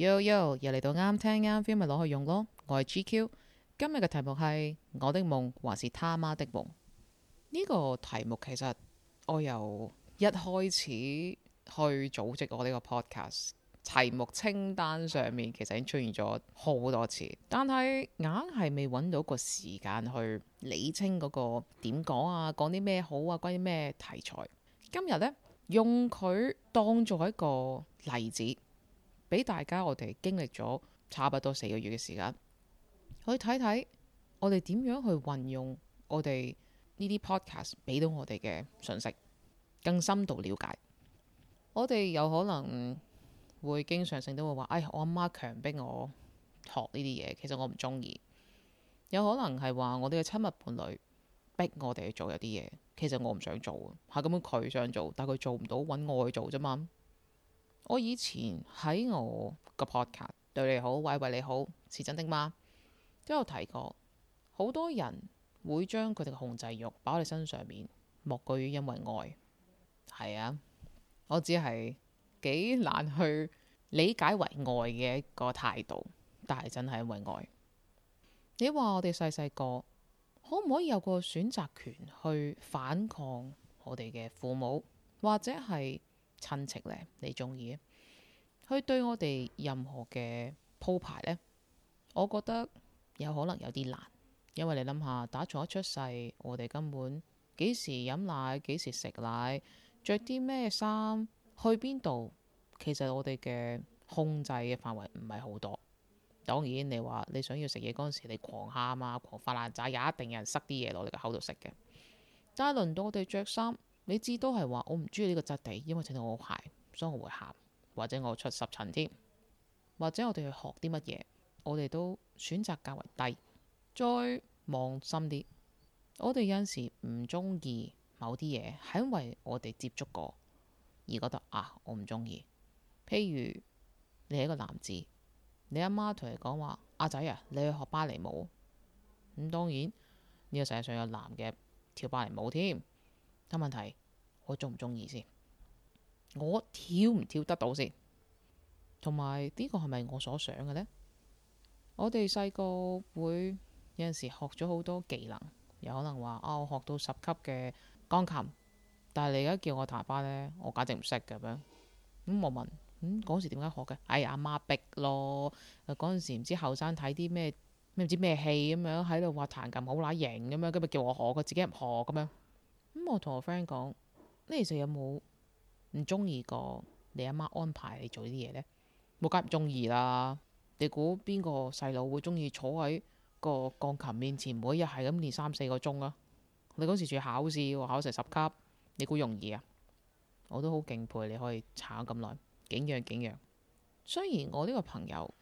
Yo yo 又嚟到啱聽啱 feel 咪攞去用咯，我係 GQ，今日嘅題目係我的夢還是他媽的夢。呢個題目其實我由一開始去組織我呢個 podcast 題目清單上面其實已經出現咗好多次，但係硬係未揾到個時間去理清嗰個點講啊，講啲咩好啊，關於咩題材？今日呢，用佢當做一個例子。俾大家，我哋經歷咗差不多四個月嘅時間，去睇睇我哋點樣去運用我哋呢啲 podcast 俾到我哋嘅信息，更深度了解。我哋有可能會經常性都會話，哎，我阿媽強迫我學呢啲嘢，其實我唔中意。有可能係話我哋嘅親密伴侶逼我哋去做有啲嘢，其實我唔想做啊！咁根本佢想做，但佢做唔到，揾我去做啫嘛。我以前喺我個 podcast 對你好，喂喂你好，是真的嗎？都有提過，好多人會將佢哋嘅控制欲擺喺你身上面，莫過於因為愛。係啊，我只係幾難去理解為愛嘅一個態度，但係真係因為愛。你話我哋細細個可唔可以有個選擇權去反抗我哋嘅父母，或者係？親戚呢，你中意啊？佢對我哋任何嘅鋪排呢，我覺得有可能有啲難，因為你諗下，打從一出世，我哋根本幾時飲奶，幾時食奶，着啲咩衫，去邊度，其實我哋嘅控制嘅範圍唔係好多。當然你，你話你想要食嘢嗰陣時，你狂喊啊，狂發爛渣，也一定有人塞啲嘢落你個口度食嘅。但係輪到我哋着衫。你至都係話我唔中意呢個質地，因為整到我鞋，所以我會喊，或者我出濕疹添，或者我哋去學啲乜嘢，我哋都選擇較為低。再望深啲，我哋有陣時唔中意某啲嘢，係因為我哋接觸過而覺得啊，我唔中意。譬如你係一個男子，你阿媽同你講話阿仔啊，你去學芭蕾舞，咁、嗯、當然呢、這個世界上有男嘅跳芭蕾舞添。有問題，我中唔中意先？我跳唔跳得到先？同埋呢個係咪我所想嘅呢？我哋細個會有陣時學咗好多技能，有可能話啊，我學到十級嘅鋼琴，但係你而家叫我彈翻呢，我簡直唔識咁樣。咁、嗯、我問，嗯，嗰時點解學嘅？哎阿媽，媽逼咯。誒，嗰時唔知後生睇啲咩咩唔知咩戲咁樣喺度話彈琴好乸型咁樣，咁咪叫我學佢自己唔學咁樣。咁、嗯、我同我 friend 講，你其實有冇唔中意過你阿媽安排你做呢啲嘢呢？梗係唔中意啦。你估邊個細路會中意坐喺個鋼琴面前，每日係咁練三四個鐘啊？你嗰時仲要考試，考成十級，你估容易啊？我都好敬佩你可以撐咁耐，景仰景仰。雖然我呢個朋友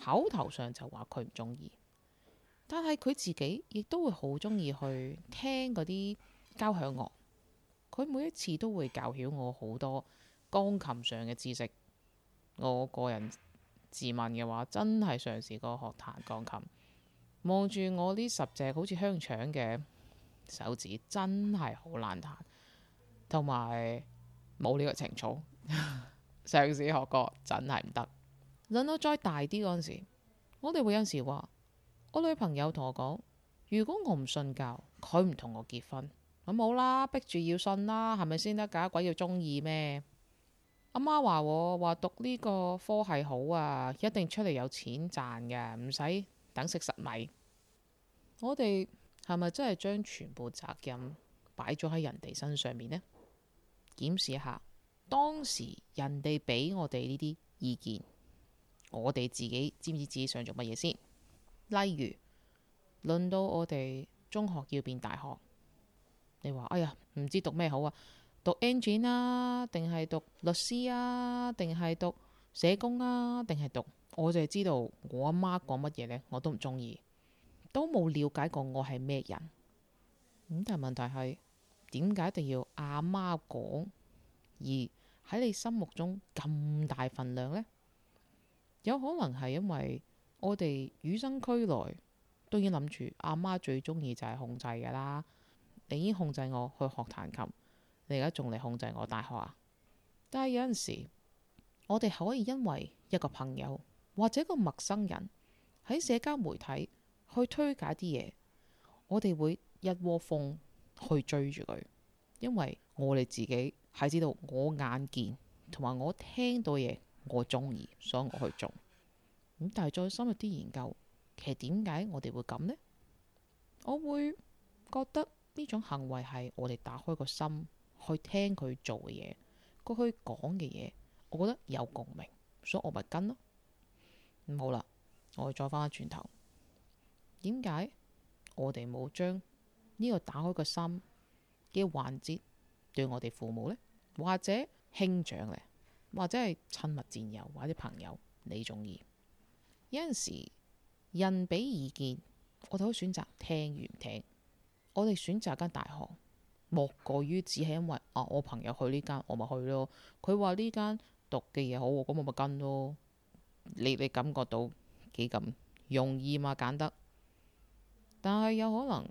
口頭上就話佢唔中意，但係佢自己亦都會好中意去聽嗰啲交響樂，佢每一次都會教曉我好多鋼琴上嘅知識。我個人自問嘅話，真係嘗試過學彈鋼琴。望住我呢十隻好似香腸嘅手指，真係好難彈。同埋冇呢個情操，嘗 試學過真係唔得。等到再大啲嗰陣時，我哋會有時話：我女朋友同我講，如果我唔信教，佢唔同我結婚。咁好、嗯、啦，逼住要信啦，係咪先得？鬼叫要中意咩？阿媽話：我話讀呢個科系好啊，一定出嚟有錢賺嘅，唔使等食實米。我哋係咪真係將全部責任擺咗喺人哋身上面呢？檢視一下，當時人哋俾我哋呢啲意見，我哋自己知唔知自己想做乜嘢先？例如，論到我哋中學要變大學。你話：哎呀，唔知讀咩好啊？讀 engine 啊，定係讀律師啊，定係讀社工啊，定係讀？我就知道我阿媽講乜嘢呢？我都唔中意，都冇了解過我係咩人。咁但係問題係點解一定要阿媽講，而喺你心目中咁大份量呢？有可能係因為我哋與生俱來都已經諗住阿媽最中意就係控制㗎啦。你已經控制我去學彈琴，你而家仲嚟控制我大學啊？但係有陣時，我哋可以因為一個朋友或者個陌生人喺社交媒體去推介啲嘢，我哋會一窩蜂去追住佢，因為我哋自己係知道我眼見同埋我聽到嘢，我中意，所以我去做。咁但係再深入啲研究，其實點解我哋會咁呢？我會覺得。呢種行為係我哋打開個心去聽佢做嘅嘢，佢去講嘅嘢，我覺得有共鳴，所以我咪跟咯。咁好啦，我哋再翻一轉頭，點解我哋冇將呢個打開個心嘅環節對我哋父母呢？或者兄長呢？或者係親密戰友或者朋友，你中意？有陣時人俾意見，我哋都選擇聽與唔聽。我哋選擇間大學，莫過於只係因為啊，我朋友去呢間，我咪去咯。佢話呢間讀嘅嘢好，咁我咪跟咯。你你感覺到幾咁容易嘛？揀得，但係有可能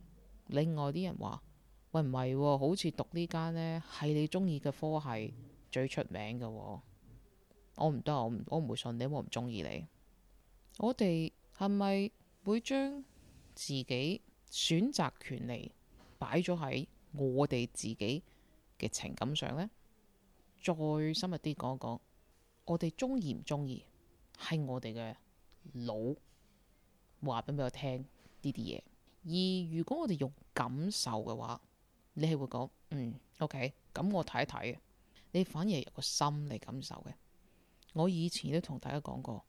另外啲人話：，喂唔係，好似讀呢間呢，係你中意嘅科係最出名嘅。我唔得，我唔我唔會信你，我唔中意你。我哋係咪會將自己？選擇權利擺咗喺我哋自己嘅情感上呢，再深入啲講一講，我哋中意唔中意係我哋嘅腦話俾我聽呢啲嘢。而如果我哋用感受嘅話，你係會講嗯 OK，咁我睇一睇，你反而係有個心嚟感受嘅。我以前都同大家講過，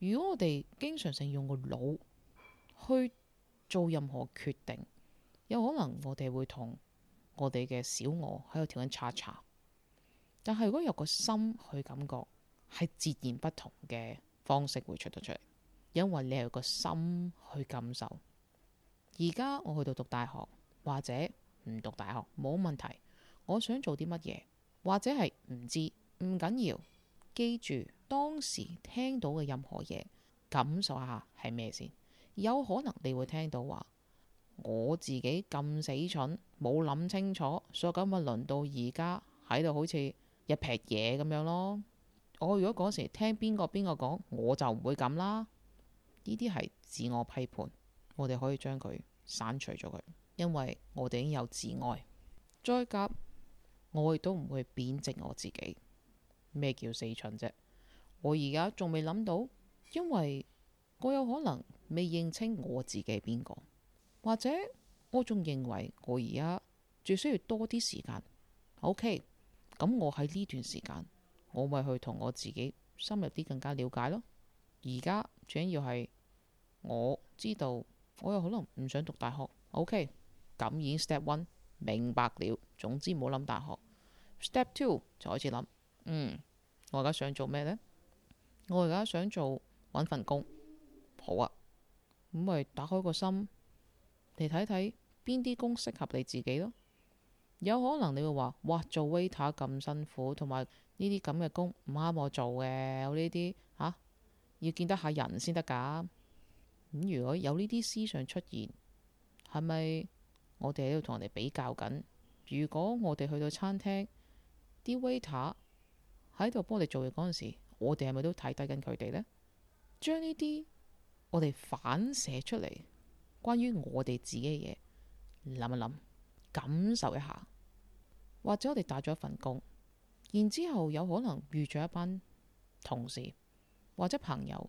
如果我哋經常性用個腦去做任何決定，有可能我哋會同我哋嘅小我喺度調緊叉叉。但係，如果有個心去感覺，係截然不同嘅方式會出得出嚟，因為你有個心去感受。而家我去到讀大學，或者唔讀大學冇問題。我想做啲乜嘢，或者係唔知，唔緊要。記住當時聽到嘅任何嘢，感受一下係咩先。有可能你會聽到話，我自己咁死蠢，冇諗清楚，所以咁咪輪到而家喺度好似一撇嘢咁樣咯。我如果嗰時聽邊個邊個講，我就唔會咁啦。呢啲係自我批判，我哋可以將佢刪除咗佢，因為我哋已經有自愛再夾，我亦都唔會貶值我自己。咩叫死蠢啫？我而家仲未諗到，因為我有可能。未認清我自己係邊個，或者我仲認為我而家最需要多啲時間。O K，咁我喺呢段時間，我咪去同我自己深入啲更加了解咯。而家最緊要係我知道，我有可能唔想讀大學。O K，咁已經 Step One 明白了。總之唔好諗大學。Step Two 就開始諗，嗯，我而家想做咩呢？我而家想做揾份工，好啊。咁咪打開個心嚟睇睇邊啲工適合你自己咯。有可能你會話，哇，做 waiter 咁辛苦，同埋呢啲咁嘅工唔啱我做嘅。有呢啲嚇，要見得下人先得㗎。咁、嗯、如果有呢啲思想出現，係咪我哋喺度同人哋比較緊？如果我哋去到餐廳，啲 waiter 喺度幫我哋做嘢嗰陣時，我哋係咪都睇低緊佢哋呢？將呢啲，我哋反射出嚟，關於我哋自己嘅嘢，諗一諗，感受一下，或者我哋打咗一份工，然之後有可能遇咗一班同事或者朋友，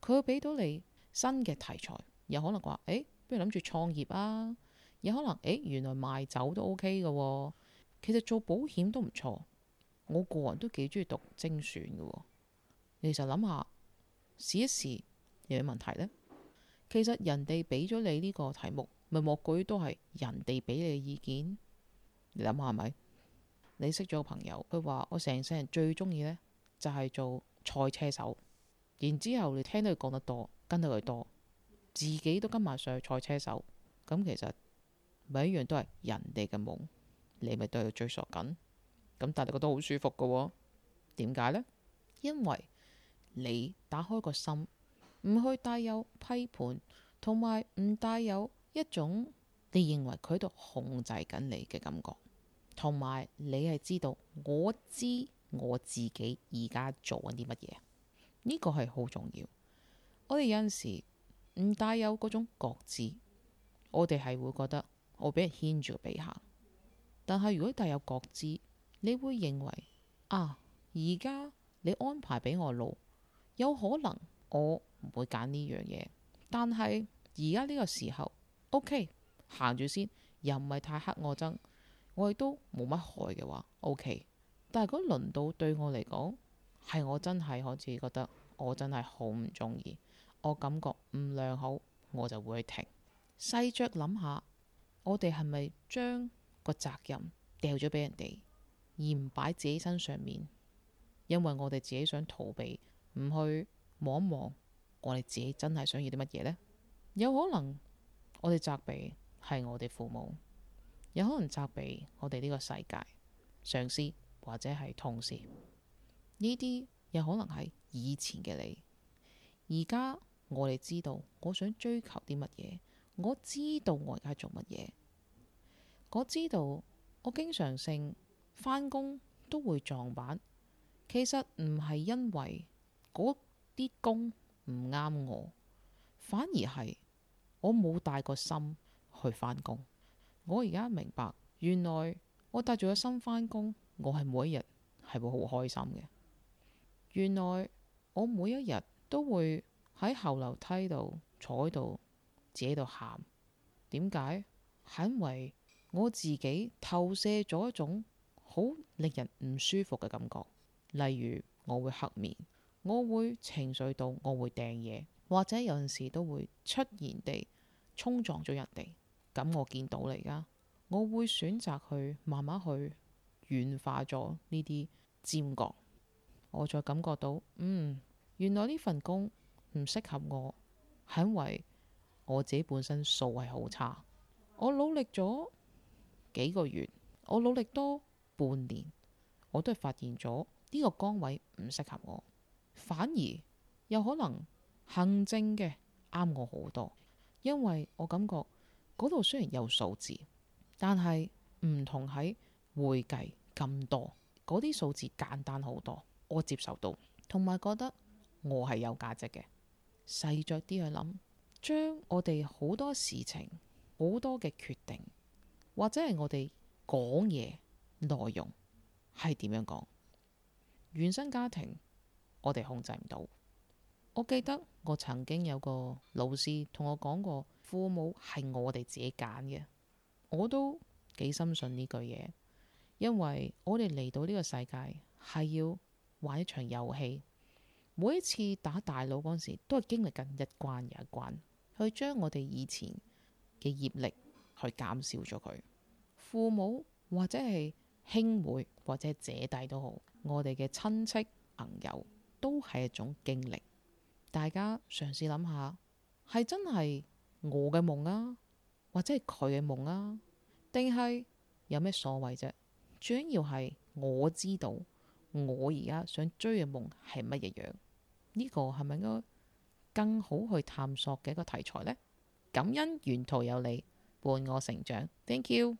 佢會俾到你新嘅題材，有可能話誒、哎，不如諗住創業啊，有可能誒、哎，原來賣酒都 OK 嘅，哦，其實做保險都唔錯。我個人都幾中意讀精選嘅，哦，你就諗下試一試。有咩問題呢？其實人哋俾咗你呢個題目，咪莫舉都係人哋俾你嘅意見。你諗下係咪？你識咗個朋友，佢話我成世人最中意呢就係做賽車手。然之後你聽到佢講得多，跟到佢多，自己都跟埋上去賽車手。咁其實咪一樣都係人哋嘅夢，你咪對佢最傻緊。咁但係覺得好舒服噶、哦，點解呢？因為你打開個心。唔去帶有批判，同埋唔帶有一種你認為佢度控制緊你嘅感覺，同埋你係知道我知我自己而家做緊啲乜嘢，呢個係好重要。我哋有陣時唔帶有嗰種覺知，我哋係會覺得我俾人牽住鼻行。但係如果帶有覺知，你會認為啊，而家你安排俾我路，有可能我。唔會揀呢樣嘢，但係而家呢個時候，OK 行住先，又唔係太黑我憎，我亦都冇乜害嘅話，OK。OK, 但係嗰輪到對我嚟講，係我真係好似覺得我真係好唔中意，我感覺唔良好，我就會去停。細着諗下，我哋係咪將個責任掉咗俾人哋，而唔擺自己身上面？因為我哋自己想逃避，唔去望一望。我哋自己真係想要啲乜嘢呢？有可能我哋責備係我哋父母，有可能責備我哋呢個世界、上司或者係同事呢啲，有可能係以前嘅你。而家我哋知道我想追求啲乜嘢，我知道我而家做乜嘢。我知道我經常性翻工都會撞板，其實唔係因為嗰啲工。唔啱我，反而係我冇帶個心去翻工。我而家明白，原來我帶住個心翻工，我係每一日係會好開心嘅。原來我每一日都會喺後樓梯度坐喺度，自己度喊。點解？係因為我自己投射咗一種好令人唔舒服嘅感覺，例如我會黑面。我會情緒到，我會掟嘢，或者有陣時都會出現地衝撞咗人哋。咁我見到你啦，我會選擇去慢慢去軟化咗呢啲尖角。我再感覺到，嗯，原來呢份工唔適合我，係因為我自己本身數係好差。我努力咗幾個月，我努力多半年，我都係發現咗呢個崗位唔適合我。反而有可能行政嘅啱我好多，因為我感覺嗰度雖然有數字，但係唔同喺會計咁多嗰啲數字簡單好多，我接受到，同埋覺得我係有價值嘅。細着啲去諗，將我哋好多事情好多嘅決定，或者係我哋講嘢內容係點樣講原生家庭。我哋控制唔到。我記得我曾經有個老師同我講過，父母係我哋自己揀嘅。我都幾深信呢句嘢，因為我哋嚟到呢個世界係要玩一場遊戲。每一次打大佬嗰時，都係經歷緊一關又一關，去將我哋以前嘅業力去減少咗佢。父母或者係兄妹或者姐弟都好，我哋嘅親戚朋友，都係一種經歷，大家嘗試諗下，係真係我嘅夢啊，或者係佢嘅夢啊，定係有咩所謂啫？主要係我知道我而家想追嘅夢係乜嘢樣呢？呢個係咪應該更好去探索嘅一個題材呢？感恩沿途有你伴我成長，Thank you。